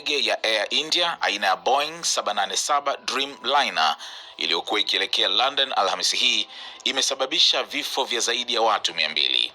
ndege ya Air India aina ya Boeing 787 Dreamliner iliyokuwa ikielekea London Alhamisi hii imesababisha vifo vya zaidi ya watu 200.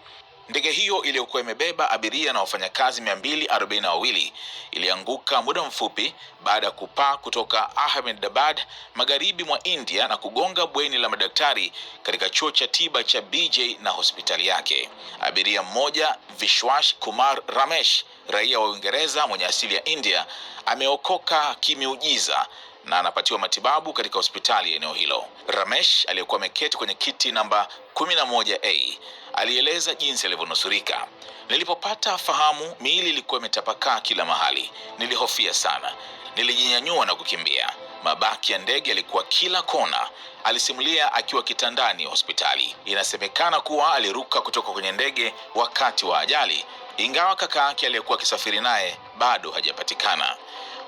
Ndege hiyo iliyokuwa imebeba abiria na wafanyakazi 242 ilianguka muda mfupi baada ya kupaa kutoka Ahmedabad magharibi mwa India na kugonga bweni la madaktari katika chuo cha tiba cha BJ na hospitali yake. Abiria mmoja Vishwash Kumar Ramesh raia wa Uingereza mwenye asili ya India ameokoka kimiujiza na anapatiwa matibabu katika hospitali ya eneo hilo. Ramesh aliyekuwa ameketi kwenye kiti namba 11A alieleza jinsi alivyonusurika. Nilipopata fahamu, miili ilikuwa imetapakaa kila mahali. Nilihofia sana, nilijinyanyua na kukimbia. Mabaki ya ndege yalikuwa kila kona, alisimulia akiwa kitandani hospitali. Inasemekana kuwa aliruka kutoka kwenye ndege wakati wa ajali ingawa kaka yake aliyekuwa akisafiri naye bado hajapatikana.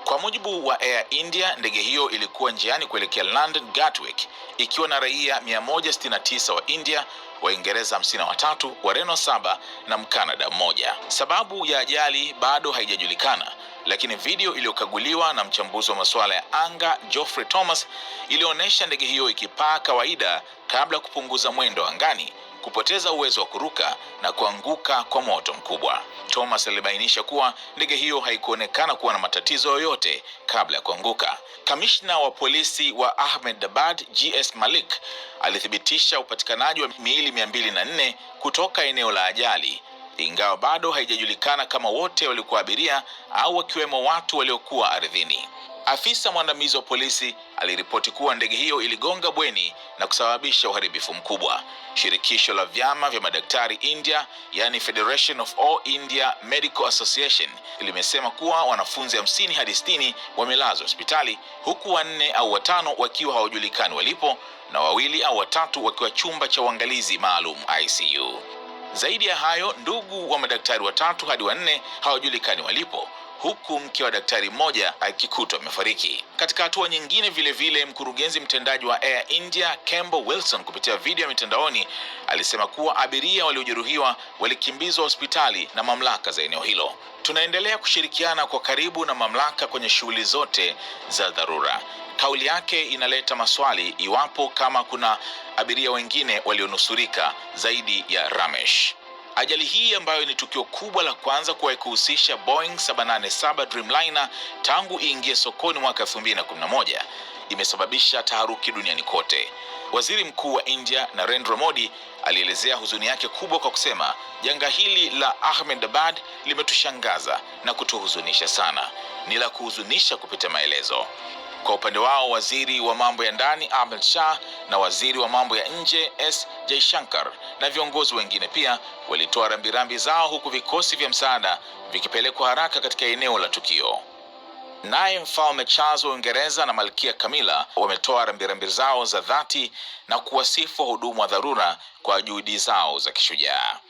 Kwa mujibu wa Air India, ndege hiyo ilikuwa njiani kuelekea London Gatwick ikiwa na raia 169 wa India, Waingereza 53, Wareno 7 na Mkanada mmoja. Sababu ya ajali bado haijajulikana, lakini video iliyokaguliwa na mchambuzi wa masuala ya anga Geoffrey Thomas ilionyesha ndege hiyo ikipaa kawaida kabla kupunguza mwendo angani kupoteza uwezo wa kuruka na kuanguka kwa moto mkubwa. Thomas alibainisha kuwa ndege hiyo haikuonekana kuwa na matatizo yoyote kabla ya kuanguka. Kamishna wa polisi wa Ahmed Dabad GS Malik alithibitisha upatikanaji wa miili 204 kutoka eneo la ajali ingawa bado haijajulikana kama wote walikuwa abiria au wakiwemo watu waliokuwa ardhini. Afisa mwandamizi wa polisi aliripoti kuwa ndege hiyo iligonga bweni na kusababisha uharibifu mkubwa. Shirikisho la vyama vya madaktari India, yani Federation of All India Medical Association, limesema kuwa wanafunzi hamsini hadi sitini wamelazwa hospitali, huku wanne au watano wakiwa hawajulikani walipo na wawili au watatu wakiwa chumba cha uangalizi maalum ICU. Zaidi ya hayo, ndugu wa madaktari watatu hadi wanne hawajulikani walipo huku mke wa daktari mmoja akikutwa amefariki. Katika hatua nyingine, vilevile vile mkurugenzi mtendaji wa Air India Kembo Wilson kupitia video ya mitandaoni alisema kuwa abiria waliojeruhiwa walikimbizwa hospitali na mamlaka za eneo hilo. Tunaendelea kushirikiana kwa karibu na mamlaka kwenye shughuli zote za dharura. Kauli yake inaleta maswali iwapo kama kuna abiria wengine walionusurika zaidi ya Ramesh. Ajali hii ambayo ni tukio kubwa la kwanza kuwahi kuhusisha Boeing 787 Dreamliner tangu iingie sokoni mwaka 2011 imesababisha taharuki duniani kote. Waziri Mkuu wa India Narendra Modi alielezea huzuni yake kubwa kwa kusema, janga hili la Ahmedabad limetushangaza na kutuhuzunisha sana, ni la kuhuzunisha kupita maelezo. Kwa upande wao, waziri wa mambo ya ndani Ahmed Shah na waziri wa mambo ya nje S Jaishankar na viongozi wengine pia walitoa rambirambi zao, huku vikosi vya msaada vikipelekwa haraka katika eneo la tukio. Naye mfalme Charles wa Uingereza na malkia Camilla wametoa rambirambi zao za dhati na kuwasifu wahudumu wa dharura kwa juhudi zao za kishujaa.